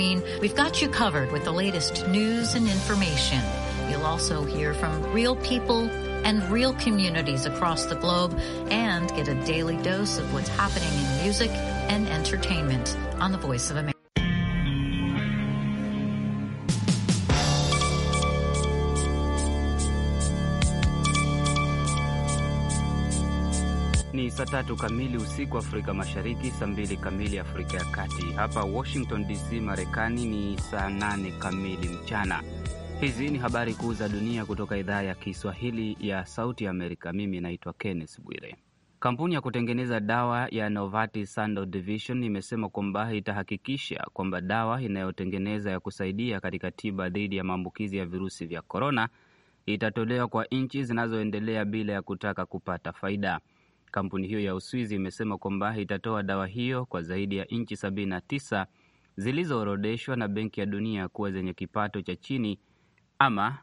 We've got you covered with the latest news and information. You'll also hear from real people and real communities across the globe and get a daily dose of what's happening in music and entertainment on the Voice of America. saa tatu kamili usiku Afrika Mashariki, saa mbili kamili Afrika ya Kati. Hapa Washington DC, Marekani ni saa nane kamili mchana. Hizi ni habari kuu za dunia kutoka idhaa ya Kiswahili ya Sauti Amerika. Mimi naitwa Kenneth Bwire. Kampuni ya kutengeneza dawa ya Novartis Sandoz Division imesema kwamba itahakikisha kwamba dawa inayotengeneza ya kusaidia katika tiba dhidi ya maambukizi ya virusi vya korona itatolewa kwa nchi zinazoendelea bila ya kutaka kupata faida. Kampuni hiyo ya Uswizi imesema kwamba itatoa dawa hiyo kwa zaidi ya nchi 79 zilizoorodeshwa zilizoorodheshwa na Benki ya Dunia kuwa zenye kipato cha chini ama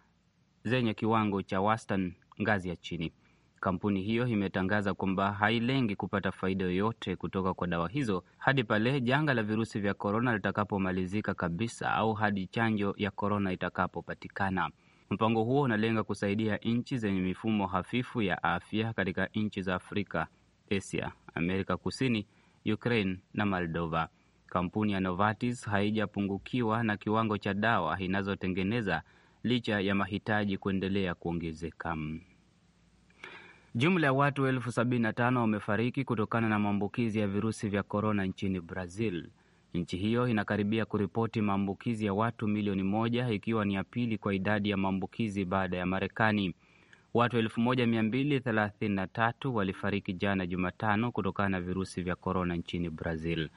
zenye kiwango cha wastan ngazi ya chini. Kampuni hiyo imetangaza kwamba hailengi kupata faida yoyote kutoka kwa dawa hizo hadi pale janga la virusi vya korona litakapomalizika kabisa au hadi chanjo ya korona itakapopatikana. Mpango huo unalenga kusaidia nchi zenye mifumo hafifu ya afya katika nchi za Afrika, Asia, Amerika Kusini, Ukraine na Moldova. Kampuni ya Novartis haijapungukiwa na kiwango cha dawa inazotengeneza licha ya mahitaji kuendelea kuongezeka. Jumla ya watu elfu 75 wamefariki kutokana na maambukizi ya virusi vya korona nchini Brazil. Nchi hiyo inakaribia kuripoti maambukizi ya watu milioni moja ikiwa ni ya pili kwa idadi ya maambukizi baada ya Marekani. Watu 1233 walifariki jana Jumatano kutokana na virusi vya korona nchini Brazil.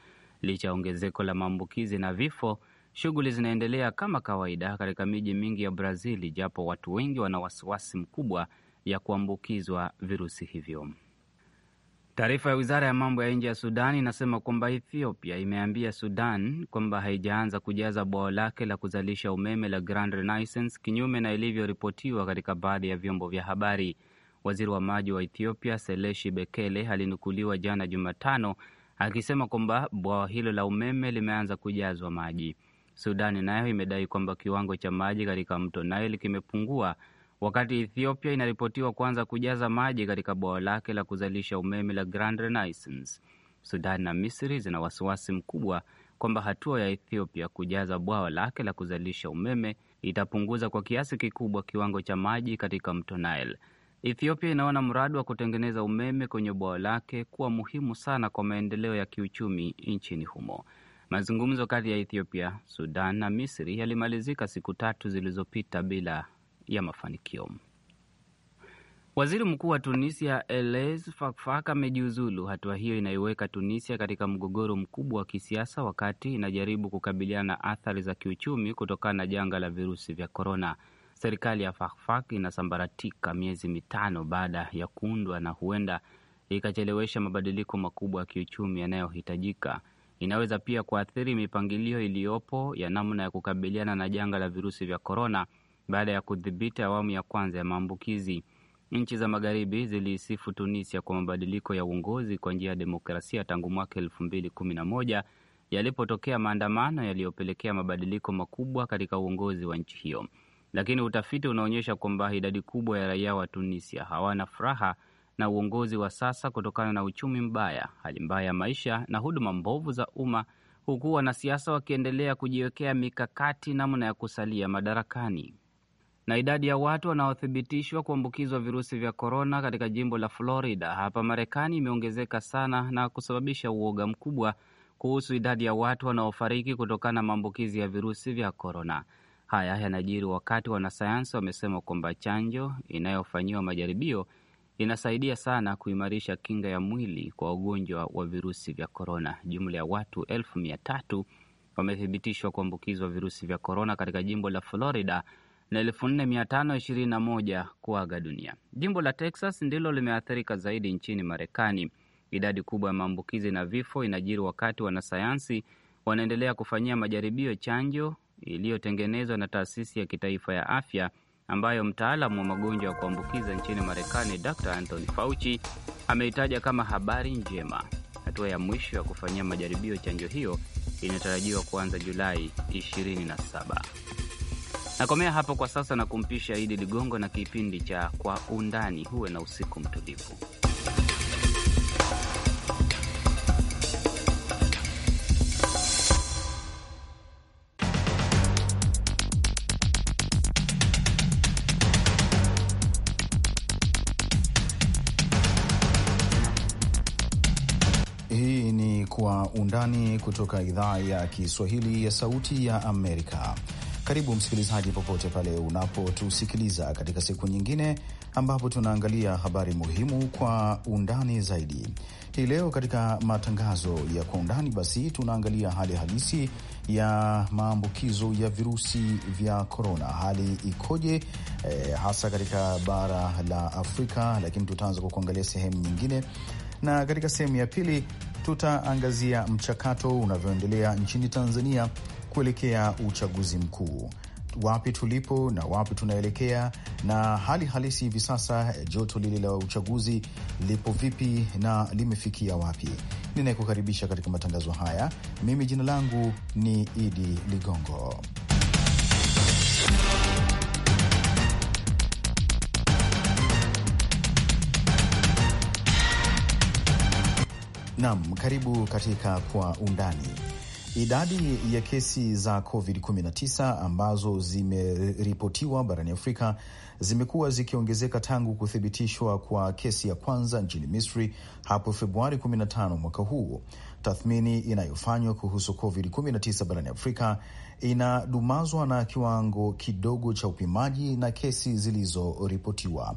Licha ya ongezeko la maambukizi na vifo, shughuli zinaendelea kama kawaida katika miji mingi ya Brazil, japo watu wengi wana wasiwasi mkubwa ya kuambukizwa virusi hivyo. Taarifa ya wizara ya mambo ya nje ya Sudan inasema kwamba Ethiopia imeambia Sudan kwamba haijaanza kujaza bwawa lake la kuzalisha umeme la Grand Renaissance, kinyume na ilivyoripotiwa katika baadhi ya vyombo vya habari. Waziri wa maji wa Ethiopia Seleshi Bekele alinukuliwa jana Jumatano akisema kwamba bwawa hilo la umeme limeanza kujazwa maji. Sudani nayo imedai kwamba kiwango cha maji katika mto Nile kimepungua wakati Ethiopia inaripotiwa kuanza kujaza maji katika bwawa lake la kuzalisha umeme la Grand Renaissance. Sudan na Misri zina wasiwasi mkubwa kwamba hatua ya Ethiopia kujaza bwawa lake la kuzalisha umeme itapunguza kwa kiasi kikubwa kiwango cha maji katika mto Nile. Ethiopia inaona mradi wa kutengeneza umeme kwenye bwawa lake kuwa muhimu sana kwa maendeleo ya kiuchumi nchini humo. Mazungumzo kati ya Ethiopia, Sudan na Misri yalimalizika siku tatu zilizopita bila ya mafanikio. Waziri mkuu wa Tunisia Elez Fakfak amejiuzulu, hatua hiyo inaiweka Tunisia katika mgogoro mkubwa wa kisiasa wakati inajaribu kukabiliana na athari za kiuchumi kutokana na janga la virusi vya korona. Serikali ya Fakfak inasambaratika miezi mitano baada ya kuundwa na huenda ikachelewesha mabadiliko makubwa ya kiuchumi yanayohitajika. Inaweza pia kuathiri mipangilio iliyopo ya namna ya kukabiliana na janga la virusi vya korona baada ya kudhibiti awamu ya kwanza ya maambukizi. Nchi za magharibi ziliisifu Tunisia kwa mabadiliko ya uongozi kwa njia ya demokrasia tangu mwaka elfu mbili kumi na moja yalipotokea maandamano yaliyopelekea mabadiliko makubwa katika uongozi wa nchi hiyo, lakini utafiti unaonyesha kwamba idadi kubwa ya raia wa Tunisia hawana furaha na uongozi wa sasa kutokana na uchumi mbaya, hali mbaya ya maisha na huduma mbovu za umma, huku wanasiasa wakiendelea kujiwekea mikakati namna ya kusalia madarakani na idadi ya watu wanaothibitishwa kuambukizwa virusi vya korona katika jimbo la Florida hapa Marekani imeongezeka sana na kusababisha uoga mkubwa kuhusu idadi ya watu wanaofariki kutokana na maambukizi ya virusi vya korona. Haya yanajiri wakati wanasayansi wamesema kwamba chanjo inayofanyiwa majaribio inasaidia sana kuimarisha kinga ya mwili kwa ugonjwa wa virusi vya korona. Jumla ya watu elfu mia tatu wamethibitishwa kuambukizwa virusi vya korona katika jimbo la Florida na 4521 kuaga dunia. Jimbo la Texas ndilo limeathirika zaidi nchini Marekani. Idadi kubwa ya maambukizi na vifo inajiri wakati wanasayansi wanaendelea kufanyia majaribio chanjo iliyotengenezwa na taasisi ya kitaifa ya afya ambayo mtaalamu wa magonjwa ya kuambukiza nchini Marekani Dr Anthony Fauci ameitaja kama habari njema. Hatua ya mwisho ya kufanyia majaribio chanjo hiyo inatarajiwa kuanza Julai 27. Nakomea hapo kwa sasa na kumpisha Idi Ligongo na kipindi cha Kwa Undani. Huwe na usiku mtulivu. ni Kwa Undani kutoka idhaa ya Kiswahili ya Sauti ya Amerika. Karibu msikilizaji, popote pale unapotusikiliza katika siku nyingine ambapo tunaangalia habari muhimu kwa undani zaidi. Hii leo katika matangazo ya kwa undani, basi tunaangalia hali halisi ya maambukizo ya virusi vya korona, hali ikoje eh, hasa katika bara la Afrika, lakini tutaanza kwa kuangalia sehemu nyingine, na katika sehemu ya pili tutaangazia mchakato unavyoendelea nchini Tanzania kuelekea uchaguzi mkuu. Wapi tulipo na wapi tunaelekea, na hali halisi hivi sasa, eh, joto lile la uchaguzi lipo vipi na limefikia wapi? Ninayekukaribisha katika matangazo haya mimi, jina langu ni Idi Ligongo. Naam, karibu katika Kwa Undani. Idadi ya kesi za COVID-19 ambazo zimeripotiwa barani Afrika zimekuwa zikiongezeka tangu kuthibitishwa kwa kesi ya kwanza nchini Misri hapo Februari 15 mwaka huu. Tathmini inayofanywa kuhusu COVID-19 barani Afrika inadumazwa na kiwango kidogo cha upimaji na kesi zilizoripotiwa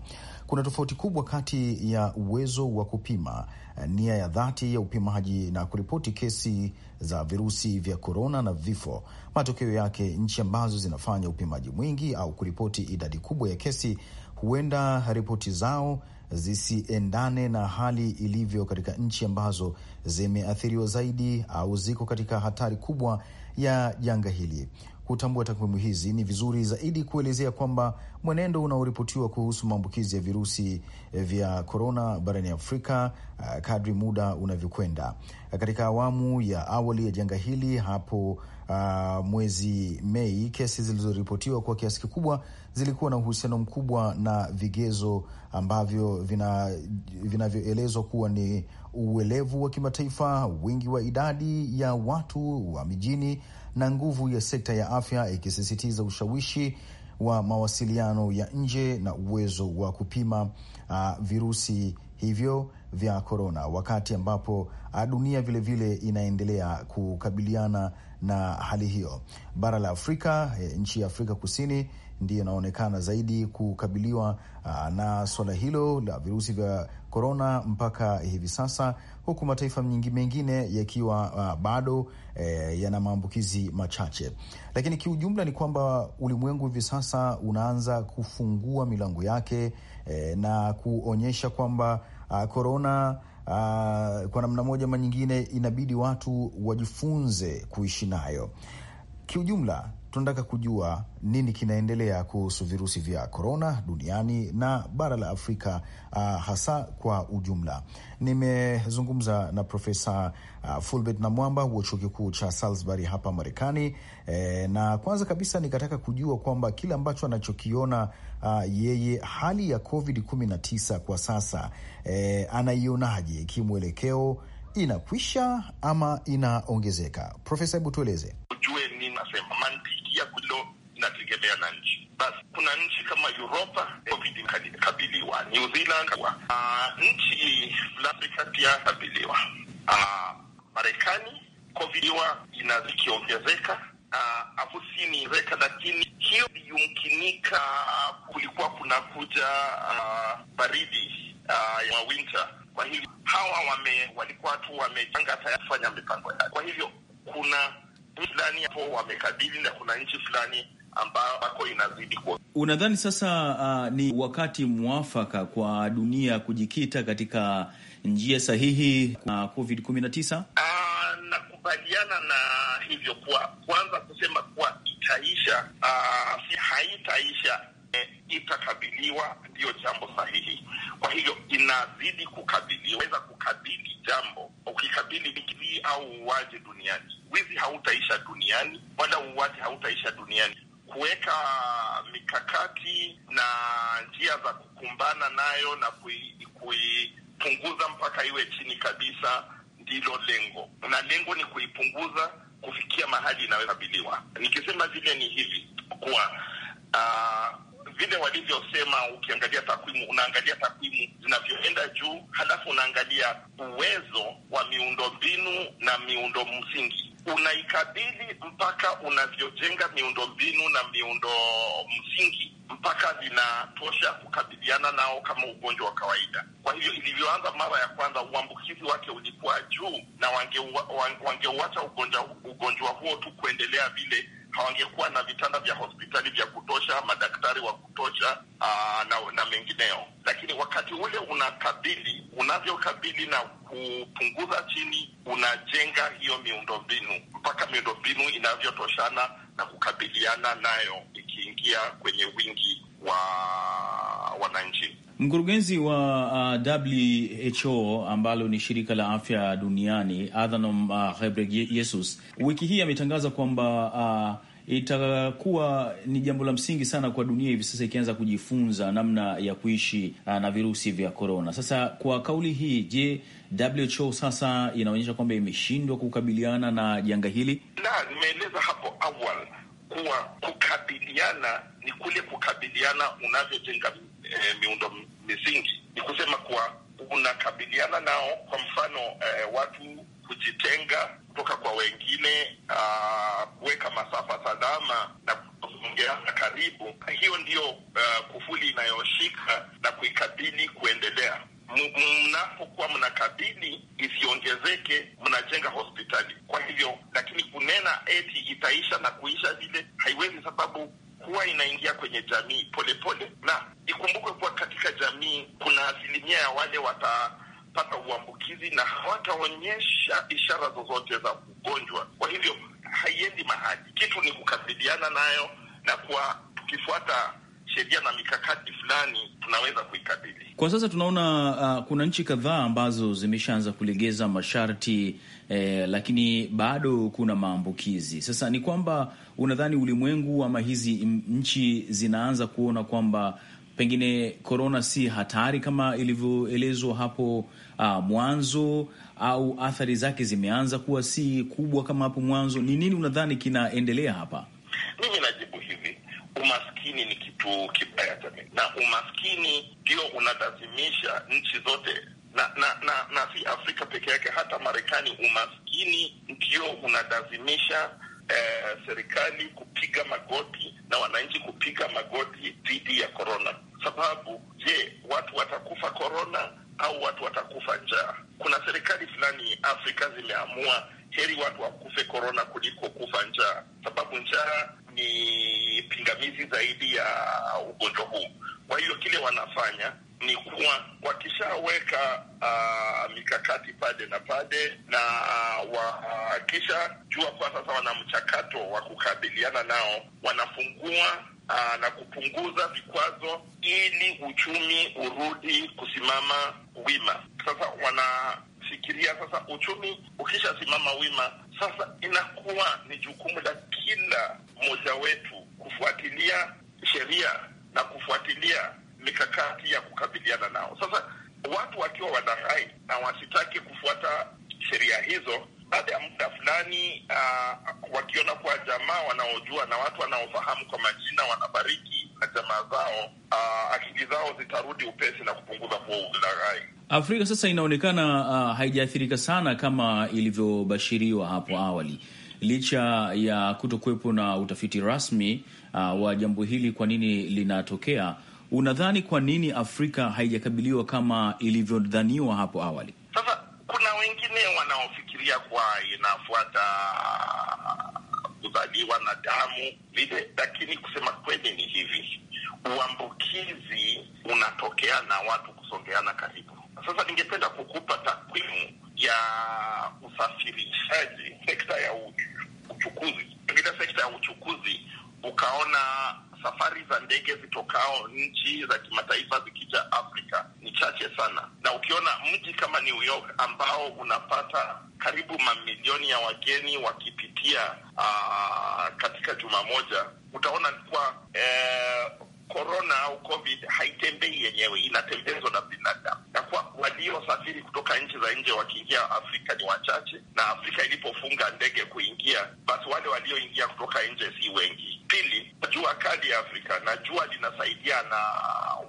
kuna tofauti kubwa kati ya uwezo wa kupima eh, nia ya dhati ya upimaji na kuripoti kesi za virusi vya korona na vifo. Matokeo yake, nchi ambazo zinafanya upimaji mwingi au kuripoti idadi kubwa ya kesi, huenda ripoti zao zisiendane na hali ilivyo katika nchi ambazo zimeathiriwa zaidi au ziko katika hatari kubwa ya janga hili kutambua takwimu hizi, ni vizuri zaidi kuelezea kwamba mwenendo unaoripotiwa kuhusu maambukizi ya virusi eh, vya korona barani Afrika eh, kadri muda unavyokwenda. Katika awamu ya awali ya janga hili hapo uh, mwezi Mei, kesi zilizoripotiwa kwa kiasi kikubwa zilikuwa na uhusiano mkubwa na vigezo ambavyo vinavyoelezwa vina kuwa ni uelevu wa kimataifa, wingi wa idadi ya watu wa mijini na nguvu ya sekta ya afya, ikisisitiza ushawishi wa mawasiliano ya nje na uwezo wa kupima uh, virusi hivyo vya korona, wakati ambapo ah, dunia vilevile inaendelea kukabiliana na hali hiyo. Bara la Afrika, eh, nchi ya Afrika Kusini ndiyo inaonekana zaidi kukabiliwa ah, na suala hilo la virusi vya korona mpaka hivi sasa, huku mataifa mengi mengine yakiwa ah, bado e, yana maambukizi machache. Lakini kiujumla ni kwamba ulimwengu hivi sasa unaanza kufungua milango yake e, na kuonyesha kwamba korona ah, uh, ah, uh, kwa namna moja ama nyingine inabidi watu wajifunze kuishi nayo kiujumla tunataka kujua nini kinaendelea kuhusu virusi vya korona duniani na bara la Afrika uh, hasa kwa ujumla. Nimezungumza na Profesa uh, Fulbert Namwamba wa chuo kikuu cha Salisbury hapa Marekani e, na kwanza kabisa nikataka kujua kwamba kile ambacho anachokiona uh, yeye hali ya COVID 19 kwa sasa e, anaionaje kimwelekeo inakwisha ama inaongezeka? Profesa, hebu tueleze. Ujue nini nasema, mantiki ya kulo inategemea na nchi. Basi kuna nchi kama Uropa COVID kabiliwa, New Zealand uh, nchi Afrika pia kabiliwa, uh, ah, Marekani COVID inazikiongezeka Uh, ah, afu afusini reka lakini hiyo yumkinika, uh, kulikuwa kunakuja uh, baridi uh, ya winter kwa hivyo hawa wame, walikuwa tu wamejanga tayari kufanya mipango yao. Kwa hivyo kuna nchi fulani hapo wamekabili na kuna nchi fulani ambako inazidi kuwa. Unadhani sasa uh, ni wakati mwafaka kwa dunia kujikita katika njia sahihi na COVID kumi na tisa? Uh, nakubaliana na hivyo kuwa kwanza kusema kuwa itaisha, uh, haitaisha E, itakabiliwa ndiyo jambo sahihi. Kwa hivyo inazidi kukabili, weza kukabili jambo. Ukikabili wikilii au uwaje duniani, wizi hautaisha duniani, wala uwaji hautaisha duniani. Kuweka mikakati na njia za kukumbana nayo na kuipunguza kui mpaka iwe chini kabisa, ndilo lengo, na lengo ni kuipunguza kufikia mahali inayokabiliwa Nikisema vile ni hivi kuwa uh, vile walivyosema, ukiangalia takwimu, unaangalia takwimu zinavyoenda juu, halafu unaangalia uwezo wa miundombinu na miundo msingi unaikabili mpaka unavyojenga miundo mbinu na miundo msingi mpaka vinatosha kukabiliana nao kama ugonjwa wa kawaida. Kwa hivyo ilivyoanza mara ya kwanza, uambukizi wake ulikuwa juu, na wangeuacha wange ugonjwa, ugonjwa huo tu kuendelea vile hawangekuwa na vitanda vya hospitali vya kutosha, madaktari wa kutosha aa, ah, na, na mengineo. Lakini wakati ule unakabili, unavyokabili na kupunguza chini, unajenga hiyo miundombinu mpaka miundombinu inavyotoshana na kukabiliana nayo ikiingia kwenye wingi wa wananchi. Mkurugenzi wa uh, WHO ambalo ni shirika la afya duniani Adhanom uh, yesus wiki hii ametangaza kwamba uh, itakuwa ni jambo la msingi sana kwa dunia hivi sasa ikianza kujifunza namna ya kuishi uh, na virusi vya korona. Sasa kwa kauli hii, je, WHO sasa inaonyesha kwamba imeshindwa kukabiliana na janga hili? Na nimeeleza hapo awali kuwa kukabiliana ni kule kukabiliana unavyojenga eh, miundo misingi, ni kusema kuwa unakabiliana nao. Kwa mfano eh, watu kujitenga kutoka kwa wengine, kuweka masafa salama na kuongeana karibu. Hiyo ndiyo uh, eh, kufuli inayoshika na kuikabili kuendelea mnapokuwa mnakabili isiongezeke, mnajenga hospitali. Kwa hivyo, lakini kunena eti itaisha na kuisha vile haiwezi, sababu huwa inaingia kwenye jamii polepole pole, na ikumbukwe kuwa katika jamii kuna asilimia ya wale watapata uambukizi na hawataonyesha ishara zozote za ugonjwa. Kwa hivyo haiendi mahali, kitu ni kukabiliana nayo na kuwa tukifuata sheria na mikakati fulani tunaweza kuikabili. Kwa sasa tunaona uh, kuna nchi kadhaa ambazo zimeshaanza kulegeza masharti eh, lakini bado kuna maambukizi. Sasa ni kwamba unadhani ulimwengu ama hizi nchi zinaanza kuona kwamba pengine korona si hatari kama ilivyoelezwa hapo uh, mwanzo au athari zake zimeanza kuwa si kubwa kama hapo mwanzo? Ni nini unadhani kinaendelea hapa? Mimi najibu hivi, umaskini ni kitu kibaya jamii, na umaskini ndio unalazimisha nchi zote na na na, na si Afrika peke yake, hata Marekani umaskini ndio unalazimisha eh, serikali kupiga magoti na wananchi kupiga magoti dhidi ya korona. Sababu je, watu watakufa korona au watu watakufa njaa? Kuna serikali fulani Afrika zimeamua heri watu wakufe korona kuliko kufa njaa, sababu njaa ni pingamizi zaidi ya ugonjwa huu. Kwa hiyo kile wanafanya ni kuwa wakishaweka uh, mikakati pade na pade na uh, wakisha wakishajua kuwa sasa wana mchakato wa kukabiliana nao, wanafungua uh, na kupunguza vikwazo ili uchumi urudi kusimama wima. Sasa wana kufikiria sasa. Uchumi ukishasimama wima, sasa inakuwa ni jukumu la kila mmoja wetu kufuatilia sheria na kufuatilia mikakati ya kukabiliana nao. Sasa watu wakiwa wanarai na wasitaki kufuata sheria hizo, baada ya muda fulani uh, wakiona kuwa jamaa wanaojua na watu wanaofahamu kwa majina wanabariki na jamaa zao uh, nchi zao zitarudi upesi na kupunguza kwa ulaghai. Afrika sasa inaonekana uh, haijaathirika sana kama ilivyobashiriwa hapo hmm. awali, licha ya kutokuwepo na utafiti rasmi uh, wa jambo hili, kwa nini linatokea. Unadhani kwa nini Afrika haijakabiliwa kama ilivyodhaniwa hapo awali? Sasa kuna wengine wanaofikiria kuwa inafuata uh, kuzaliwa na damu vile, lakini kusema kweli ni hivi uambukizi unatokea na watu kusongeana karibu. Sasa ningependa kukupa takwimu ya usafirishaji, sekta ya uchukuzi. pengine sekta ya uchukuzi, ukaona safari za ndege zitokao nchi za kimataifa zikija Afrika ni chache sana, na ukiona mji kama New York ambao unapata karibu mamilioni ya wageni wakipitia aa, katika juma moja, utaona kuwa eh, korona au covid haitembei yenyewe, inatembezwa na binadamu, na kwa waliosafiri kutoka nchi za nje wakiingia Afrika ni wachache, na Afrika ilipofunga ndege kuingia, basi wale walioingia kutoka nje si wengi. Pili, jua kali ya Afrika na jua linasaidia, na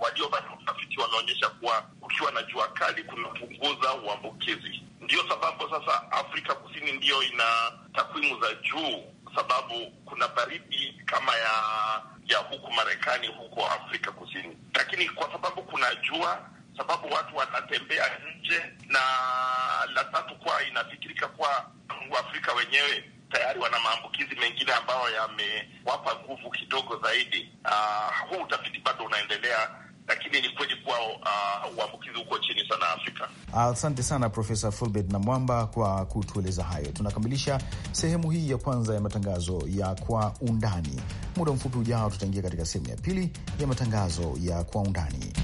waliofanya utafiti wanaonyesha kuwa ukiwa na jua kali kunapunguza uambukizi. ndio sababu sasa Afrika Kusini ndiyo ina takwimu za juu, sababu kuna baridi kama ya ya huku Marekani, huku Afrika Kusini, lakini kwa sababu kuna jua, sababu watu wanatembea nje, na la tatu kuwa inafikirika kuwa Waafrika wenyewe tayari wana maambukizi mengine ambayo yamewapa nguvu kidogo zaidi. Uh, huu utafiti bado unaendelea lakini ni kweli kuwa uh, uambukizi uh, uko chini sana Afrika. Asante sana Profesa Fulbert na Mwamba kwa kutueleza hayo. Tunakamilisha sehemu hii ya kwanza ya matangazo ya Kwa Undani. Muda mfupi ujao, tutaingia katika sehemu ya pili ya matangazo ya Kwa Undani.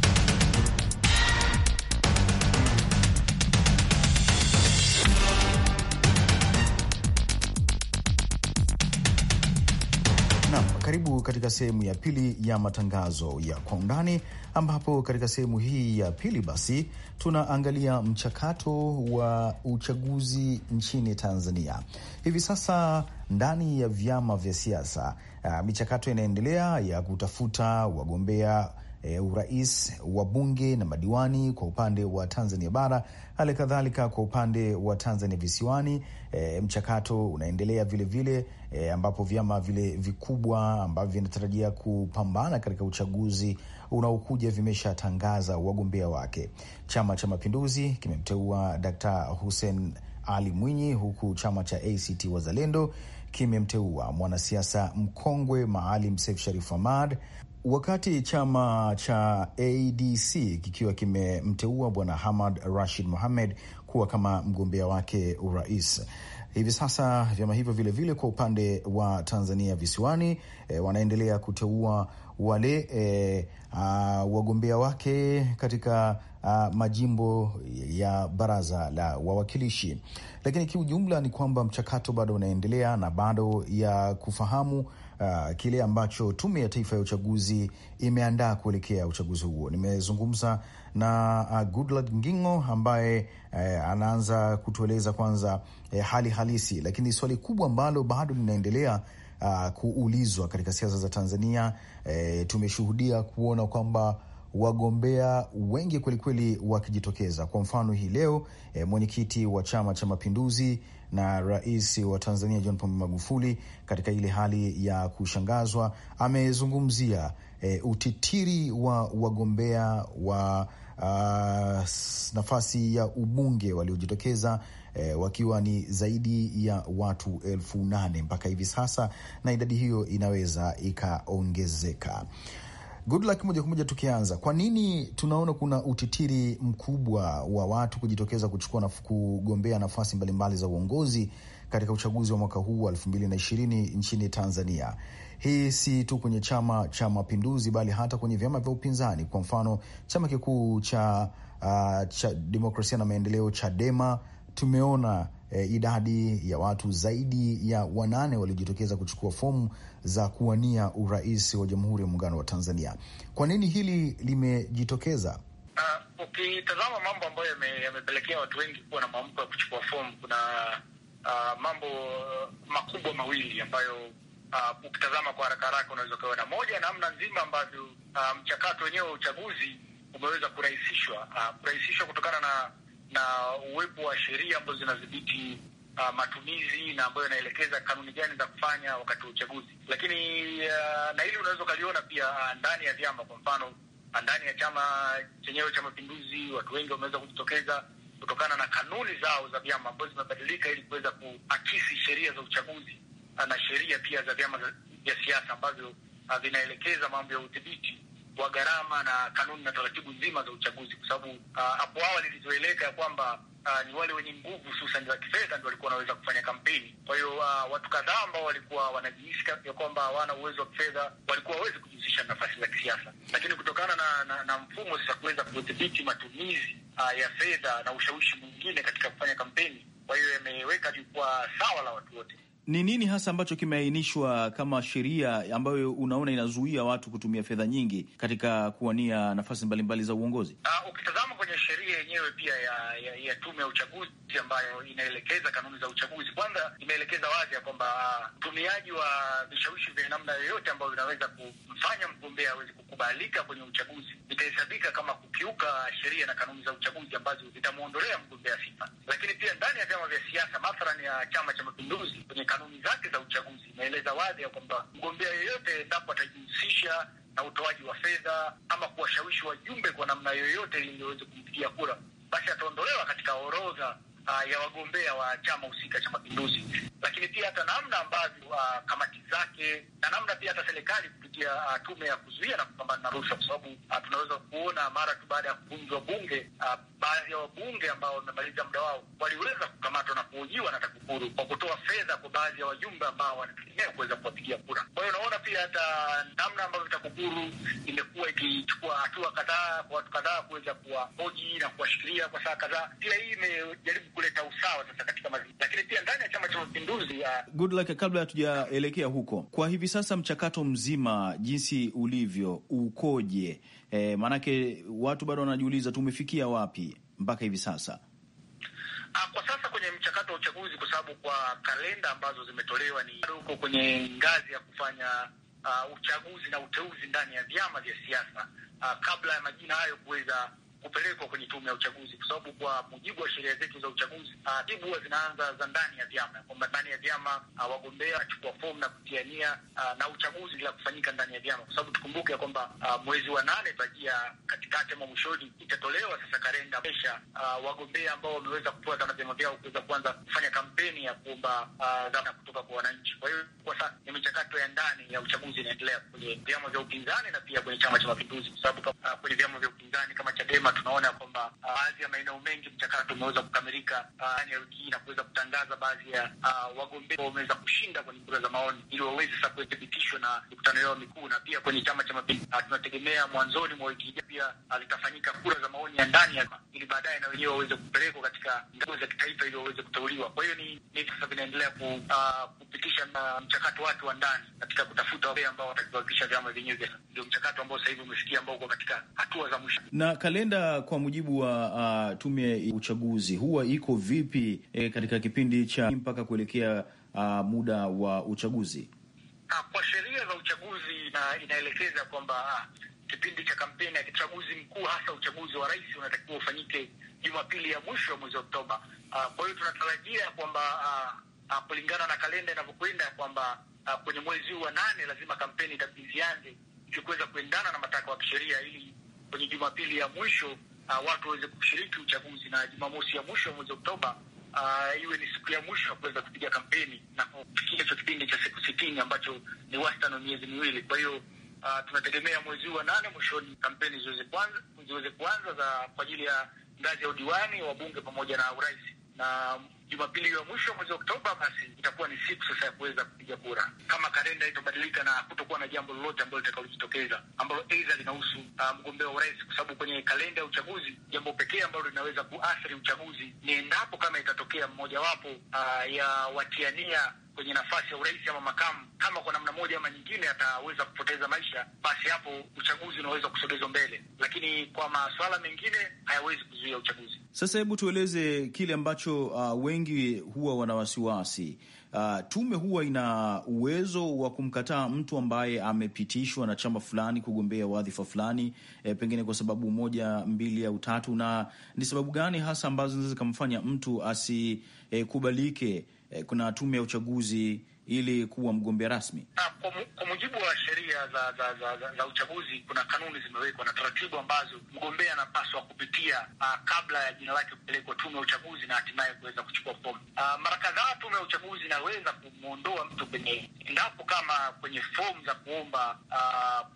Karibu katika sehemu ya pili ya matangazo ya kwa undani, ambapo katika sehemu hii ya pili basi tunaangalia mchakato wa uchaguzi nchini Tanzania hivi sasa ndani ya vyama vya siasa. Uh, michakato inaendelea ya kutafuta wagombea e, urais wa bunge na madiwani kwa upande wa Tanzania bara, hali kadhalika kwa upande wa Tanzania visiwani. E, mchakato unaendelea vilevile vile, e, ambapo vyama vile vikubwa ambavyo vinatarajia kupambana katika uchaguzi unaokuja vimeshatangaza wagombea wake. Chama cha Mapinduzi kimemteua Dkt. Hussein Ali Mwinyi, huku chama cha ACT Wazalendo kimemteua mwanasiasa mkongwe Maalim Seif Sharif Hamad Wakati chama cha ADC kikiwa kimemteua bwana Hamad Rashid Mohamed kuwa kama mgombea wake urais hivi sasa, vyama hivyo vilevile kwa upande wa Tanzania visiwani e, wanaendelea kuteua wale e, eh, a, ah, wagombea wake katika a, ah, majimbo ya baraza la wawakilishi, lakini kiujumla ni kwamba mchakato bado unaendelea na bado ya kufahamu uh, kile ambacho Tume ya Taifa ya Uchaguzi imeandaa kuelekea uchaguzi huo. Nimezungumza na uh, Goodluck Ngingo ambaye uh, anaanza kutueleza kwanza uh, hali halisi, lakini swali kubwa ambalo bado linaendelea uh, kuulizwa katika siasa za Tanzania uh, tumeshuhudia kuona kwamba wagombea wengi kwelikweli wakijitokeza. Kwa mfano hii leo e, mwenyekiti wa Chama cha Mapinduzi na rais wa Tanzania John Pombe Magufuli katika ile hali ya kushangazwa amezungumzia e, utitiri wa wagombea wa Uh, nafasi ya ubunge waliojitokeza E, wakiwa ni zaidi ya watu elfu nane mpaka hivi sasa, na idadi hiyo inaweza ikaongezeka. Good luck, moja kwa moja tukianza, kwa nini tunaona kuna utitiri mkubwa wa watu kujitokeza kuchukua na kugombea nafasi mbalimbali za uongozi katika uchaguzi wa mwaka huu wa elfu mbili na ishirini nchini Tanzania? Hii si tu kwenye Chama cha Mapinduzi bali hata kwenye vyama vya upinzani. Kwa mfano chama kikuu cha, uh, cha Demokrasia na Maendeleo, Chadema, tumeona e, idadi ya watu zaidi ya wanane waliojitokeza kuchukua fomu za kuwania urais wa Jamhuri ya Muungano wa Tanzania. Kwa nini hili limejitokeza? Ukitazama uh, mambo ambayo yamepelekea watu wengi kuwa na mwamko ya kuchukua fomu, kuna uh, mambo makubwa mawili ambayo uh, ukitazama kwa haraka haraka unaweza ukaona. Moja, namna nzima ambavyo uh, mchakato wenyewe wa uchaguzi umeweza kurahisishwa, uh, kurahisishwa kutokana na na uwepo wa sheria ambazo zinadhibiti uh, matumizi na ambayo yanaelekeza kanuni gani za kufanya wakati wa uchaguzi. Lakini uh, na hili unaweza ukaliona pia uh, ndani ya vyama. Kwa mfano, uh, ndani ya chama chenyewe cha Mapinduzi, watu wengi wameweza kujitokeza kutokana na kanuni zao za vyama ambazo zimebadilika ili kuweza kuakisi sheria za uchaguzi uh, na sheria pia za vyama vya siasa ambavyo vinaelekeza mambo ya udhibiti wa gharama na kanuni na taratibu nzima za uchaguzi, kwa sababu ah, hapo awali ilizoeleka ya kwamba Uh, ni wale wenye nguvu hususan za kifedha ndio walikuwa wanaweza kufanya kampeni. Kwa hiyo uh, watu kadhaa ambao walikuwa wanajihisi ya kwamba hawana uwezo wa kifedha walikuwa hawezi kujihusisha na nafasi za kisiasa, lakini kutokana na, na, na mfumo sasa kuweza kudhibiti matumizi uh, ya fedha na ushawishi mwingine katika kufanya kampeni, kwa hiyo yameweka jukwaa sawa la watu wote. Ni nini hasa ambacho kimeainishwa kama sheria ambayo unaona inazuia watu kutumia fedha nyingi katika kuwania nafasi mbalimbali za uongozi? Uh, ukitazama kwenye sheria yenyewe pia ya, ya, ya tume ya uchaguzi ambayo inaelekeza kanuni za uchaguzi, kwanza imeelekeza wazi ya kwamba mtumiaji ah, wa vishawishi vya namna yoyote ambayo inaweza kumfanya mgombea aweze kukubalika kwenye uchaguzi itahesabika kama kukiuka sheria na kanuni za uchaguzi ambazo zitamwondolea mgombea sifa. Lakini pia ndani ya vyama vya siasa, mathalan ya Chama cha Mapinduzi kwenye kanuni zake za uchaguzi inaeleza wazi ya kwamba mgombea yeyote, endapo atajihusisha na utoaji wa fedha ama kuwashawishi wajumbe kwa namna yoyote iliyoweza kumpigia kura, basi ataondolewa katika orodha uh, ya wagombea wa chama husika cha Mapinduzi. Lakini pia hata namna ambavyo uh, kamati zake na namna pia hata serikali kupitia uh, tume ya kuzuia na kupambana na rushwa, kwa sababu uh, tunaweza kuona mara tu baada ya kuvunjwa bunge uh, baadhi ya wabunge ambao wamemaliza muda wao waliweza kukamatwa na kuhojiwa na TAKUKURU kwa kutoa fedha kwa baadhi ya wajumbe ambao wanategemea kuweza kuwapigia kura. Kwa hiyo unaona pia hata namna ambavyo TAKUKURU imekuwa ikichukua hatua kadhaa kwa watu kadhaa kuweza kuwahoji na kuwashikilia kwa saa kadhaa, pia hii imejaribu kuleta usawa sasa katika mazingira, lakini pia ndani ya Chama cha Mapinduzi good luck. Kabla hatujaelekea huko, kwa hivi sasa mchakato mzima jinsi ulivyo ukoje? E, eh, maanake watu bado wanajiuliza tumefikia wapi mpaka hivi sasa. Ah, kwa sasa kwenye mchakato wa uchaguzi, kwa sababu kwa kalenda ambazo zimetolewa ni huko kwenye ngazi ya kufanya uh, uchaguzi na uteuzi ndani ya vyama vya siasa uh, kabla ya majina hayo kuweza kupelekwa kwenye tume ya uchaguzi, kwa sababu kwa mujibu wa sheria zetu za uchaguzi taratibu huwa zinaanza za ndani ya vyama, kwamba ndani ya vyama ah, wagombea wachukua fomu na kutia nia ah, na uchaguzi bila kufanyika ndani ya vyama, kwa sababu tukumbuke kwamba ah, mwezi wa nane tajia katikati ama mwishoni itatolewa sasa karenda pesha wagombea ambao wameweza kupewa zana vyama vyao kuweza kuanza kufanya kampeni ya kuomba zana kutoka kwa wananchi. Kwa hiyo kwa sasa ni michakato ya ndani ya uchaguzi inaendelea kwenye vyama vya upinzani na pia kwenye Chama cha Mapinduzi, kwa sababu kwenye vyama vya upinzani kama Chadema kwamba tunaona kwamba baadhi ya maeneo mengi mchakato umeweza kukamilika ndani ah, ya wiki hii na kuweza kutangaza baadhi ya ah, wagombea ambao wameweza kushinda kwenye kura za maoni, ili waweze sasa kuthibitishwa na mikutano yao mikuu. Na pia kwenye Chama cha Mapinduzi ah, tunategemea mwanzoni mwa wiki ijayo pia zitafanyika kura za maoni ya ndani ya ili baadaye na wenyewe waweze kupelekwa katika ngazi za kitaifa ili waweze kuteuliwa. Kwa hiyo ni sasa vinaendelea ku, kupitisha mchakato wake wa ndani katika kutafuta wale ambao watakuhakikisha vyama vyenyewe. Ndio mchakato ambao sasa hivi umefikia ambao uko katika hatua za mwisho na kalenda kwa mujibu wa uh, tume ya uchaguzi huwa iko vipi eh, katika kipindi cha mpaka kuelekea uh, muda wa uchaguzi? Kwa sheria za uchaguzi na inaelekeza kwamba kipindi cha kampeni ya uchaguzi mkuu hasa uchaguzi wa rais unatakiwa ufanyike Jumapili ya mwisho ya mwezi Oktoba. Kwa hiyo tunatarajia kwamba kulingana na kalenda inavyokwenda kwamba kwenye mwezi huu wa nane lazima kampeni zianze ili kuweza kuendana na matakwa ya kisheria ili kwenye Jumapili ya mwisho uh, watu waweze kushiriki uchaguzi, na Jumamosi ya mwisho ya mwezi Oktoba uh, iwe ni siku ya mwisho ya kuweza kupiga kampeni na kufikia hicho kipindi cha siku sitini ambacho ni wastani wa miezi miwili. Kwa hiyo uh, tunategemea mwezi huu wa nane mwishoni kampeni ziweze kuanza, ziweze kuanza za kwa ajili ya ngazi ya udiwani, wabunge pamoja na urais na Jumapili hiyo ya mwisho mwezi Oktoba, basi itakuwa ni siku sasa ya kuweza kupiga kura, kama kalenda itabadilika na kutokuwa na jambo lolote ambalo litakalojitokeza ambalo aidha linahusu uh, mgombea wa urais, kwa sababu kwenye kalenda ya uchaguzi jambo pekee ambalo linaweza kuathiri uchaguzi ni endapo kama itatokea mmojawapo uh, ya watiania kwenye nafasi ya urais ama makamu, kama kwa namna moja ama nyingine ataweza kupoteza maisha, basi hapo uchaguzi unaweza kusogezwa mbele, lakini kwa masuala mengine hayawezi kuzuia uchaguzi. Sasa hebu tueleze kile ambacho uh, wengi huwa wana wasiwasi uh, tume huwa ina uwezo wa kumkataa mtu ambaye amepitishwa na chama fulani kugombea wadhifa fulani, eh, pengine kwa sababu moja, mbili au tatu. Na ni sababu gani hasa ambazo zinaweza zikamfanya mtu asikubalike? eh, eh, kuna tume ya uchaguzi ili kuwa mgombea rasmi? Kwa mujibu wa sheria za za, za, za za uchaguzi, kuna kanuni zimewekwa na taratibu ambazo mgombea anapaswa kupitia a, kabla ya jina lake kupelekwa tume ya uchaguzi na hatimaye kuweza kuchukua fomu. Mara kadhaa tume ya uchaguzi inaweza kumwondoa mtu kwenye, endapo kama kwenye fomu za kuomba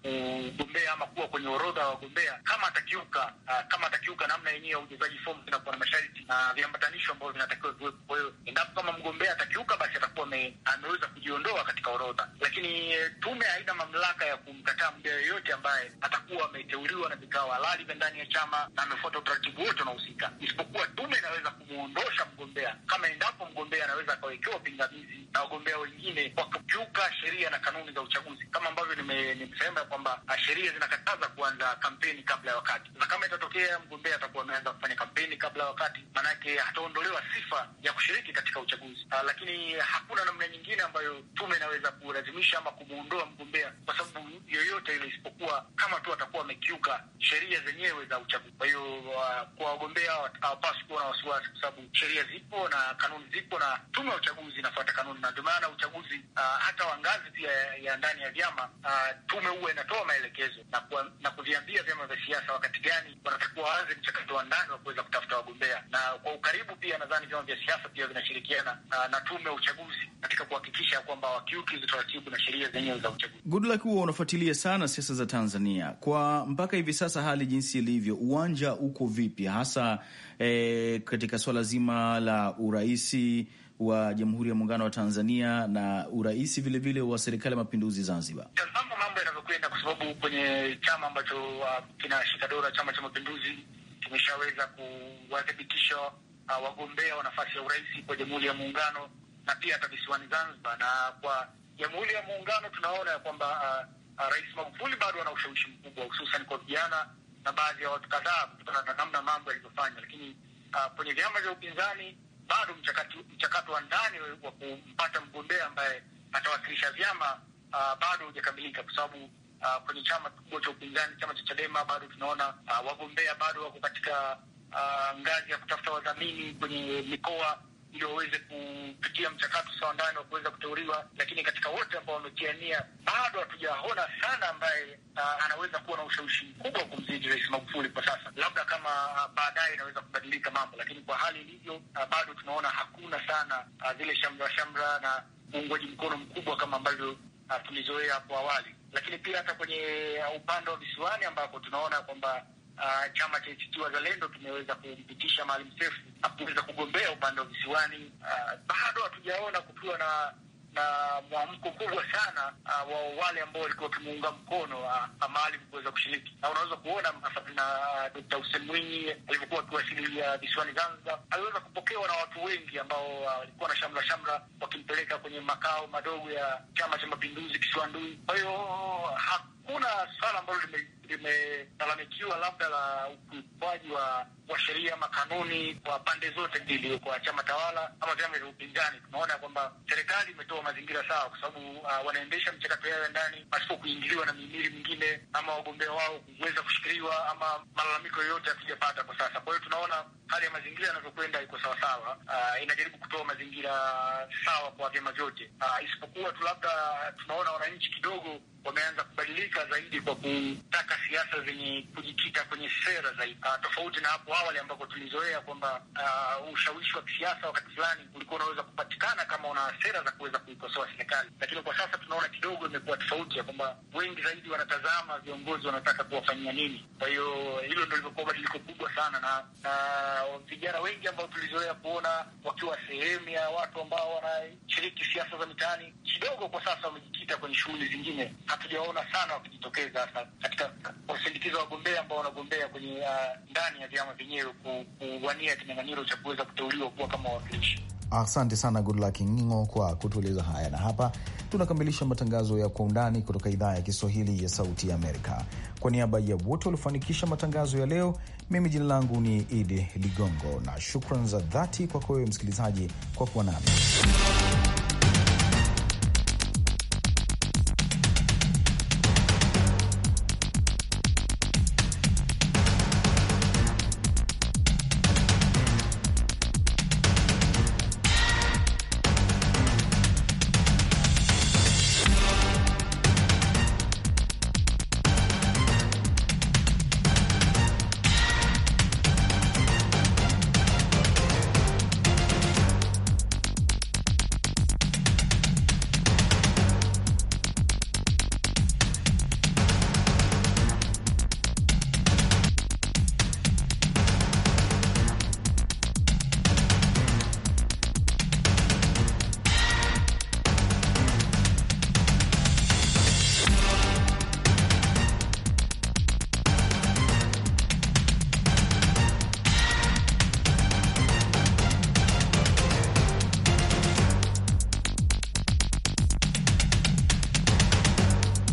kugombea ama kuwa kwenye orodha wa wagombea, kama atakiuka kama atakiuka namna yenyewe ya ujazaji fomu, inakuwa na masharti na viambatanisho ambavyo vinatakiwa viwepo. Kwa hiyo endapo kama mgombea atakiuka, basi atakuwa ameweza wanaweza kujiondoa katika orodha, lakini eh, tume haina mamlaka ya kumkataa mja yoyote ambaye atakuwa ameteuliwa na vikao halali vya ndani ya chama na amefuata utaratibu wote unahusika, isipokuwa tume inaweza kumwondosha mgombea kama endapo mgombea anaweza akawekewa pingamizi na wagombea wengine kwa kukiuka sheria na kanuni za uchaguzi, kama ambavyo nimesema ya kwamba ah, sheria zinakataza kuanza kampeni kabla ya wakati. Sasa kama itatokea mgombea atakuwa ameanza kufanya kampeni kabla ya wakati, maanake hataondolewa sifa ya kushiriki katika uchaguzi. Aa, ah, lakini hakuna namna nyingine ambayo tume inaweza kulazimisha ama kumuondoa mgombea kwa sababu yoyote ile, isipokuwa kama tu atakuwa amekiuka sheria zenyewe za uchaguzi. Kwa hiyo uh, kwa wagombea hawapaswi kuwa na wasiwasi, kwa sababu sheria zipo na kanuni zipo, na tume ya uchaguzi inafuata kanuni, na ndio maana uchaguzi uh, hata wa ngazi pia ya ndani ya vyama uh, tume huwa inatoa maelekezo na, kwa, na kuviambia vyama vya siasa wakati gani wanatakiwa waanze mchakato wa ndani wa kuweza kutafuta wagombea, na kwa ukaribu pia nadhani vyama vya siasa pia vinashirikiana uh, na tume ya uchaguzi katika kuhakikisha kuhakikisha kwamba wakiuki taratibu na sheria zenyewe za uchaguzi. Good luck, huwa unafuatilia sana siasa za Tanzania kwa mpaka hivi sasa, hali jinsi ilivyo, uwanja uko vipi hasa eh, katika swala zima la uraisi wa Jamhuri ya Muungano wa Tanzania na uraisi vilevile wa Serikali ya Mapinduzi Zanzibar? Tazama mambo yanavyokwenda, kwa sababu kwenye chama ambacho uh, shika dola, Chama cha Mapinduzi, kimeshaweza kuwathibitisha uh, wagombea wa nafasi ya urais kwa Jamhuri ya Muungano na pia hata visiwani Zanzibar. Na kwa Jamhuri ya Muungano tunaona ya kwamba uh, uh, Rais Magufuli bado ana ushawishi mkubwa, hususan kwa vijana na baadhi ya watu kadhaa, kutokana na namna mambo yalivyofanya. Lakini uh, kwenye vyama vya upinzani bado mchakato wa ndani wa kumpata mgombea ambaye atawakilisha vyama uh, bado hujakamilika kwa sababu uh, kwenye chama kikubwa cha upinzani chama cha Chadema bado tunaona uh, wagombea bado wako katika uh, ngazi ya kutafuta wadhamini kwenye mikoa ndio waweze kupitia mchakato sawa ndani wa kuweza kuteuliwa, lakini katika wote ambao wamekiania bado hatujaona sana ambaye uh, anaweza kuwa na ushawishi mkubwa wa kumzidi Rais Magufuli kwa sasa, labda kama uh, baadaye inaweza kubadilika mambo, lakini kwa hali ilivyo, uh, bado tunaona hakuna sana zile shamra shamra na uungwaji mkono mkubwa kama ambavyo tulizoea hapo awali, lakini pia hata kwenye upande wa visiwani ambapo tunaona kwamba uh, chama cha ACT Wazalendo kimeweza kumpitisha Maalim Seif akuweza kugombea upande wa visiwani. Uh, bado hatujaona kukiwa na na mwamko mkubwa sana uh, wa wale ambao walikuwa wakimuunga mkono uh, Maalim kuweza kushiriki, na unaweza kuona na Dkt. Hussein Mwinyi alivyokuwa akiwasili uh, visiwani Zanzibar, aliweza kupokewa na watu wengi ambao walikuwa uh, na shamra shamra wakimpeleka kwenye makao madogo ya Chama cha Mapinduzi kisiwandui. Kwa hiyo hakuna swala ambalo lime limelalamikiwa labda la ukiukwaji wa, wa sheria ama kanuni kwa pande zote mbili, kwa chama tawala ama vyama vya upinzani. Tunaona kwamba serikali imetoa mazingira sawa, kwa sababu uh, wanaendesha mchakato yao ya ndani pasipo kuingiliwa na mihimili mingine ama wagombea wao kuweza kushikiliwa ama malalamiko yoyote hatujapata kwa sasa. Kwa hiyo tunaona hali ya mazingira yanavyokwenda iko sawasawa. Uh, inajaribu kutoa mazingira sawa kwa vyama vyote, uh, isipokuwa tu labda tunaona wananchi kidogo wameanza kubadilika zaidi kwa kutaka siasa zenye kujikita kwenye sera zaidi, uh, tofauti na hapo awali ambako tulizoea kwamba uh, ushawishi wa kisiasa wakati fulani ulikuwa unaweza kupatikana kama una sera za kuweza kuikosoa serikali, lakini kwa sasa tunaona kidogo imekuwa tofauti ya kwamba wengi zaidi wanatazama viongozi wanataka kuwafanyia nini. Kwa hiyo hilo ndo lilivyokuwa badiliko kubwa sana na, na vijana wengi ambao tulizoea kuona wakiwa sehemu ya watu ambao wanashiriki siasa za mitaani, kidogo kwa sasa wamejikita kwenye shughuli zingine. Hatujaona sana wakijitokeza hasa katika wasindikiza wagombea ambao wanagombea kwenye uh, ndani ya vyama vyenyewe kuwania kinyang'anyiro cha kuweza kuteuliwa kuwa kama wawakilishi. Asante sana Goodluck Ngingo kwa kutueleza haya, na hapa tunakamilisha matangazo ya Kwa Undani kutoka idhaa ya Kiswahili ya Sauti ya Amerika. Kwa niaba ya wote waliofanikisha matangazo ya leo, mimi jina langu ni Idi Ligongo na shukran za dhati kwako wewe msikilizaji kwa kuwa nami.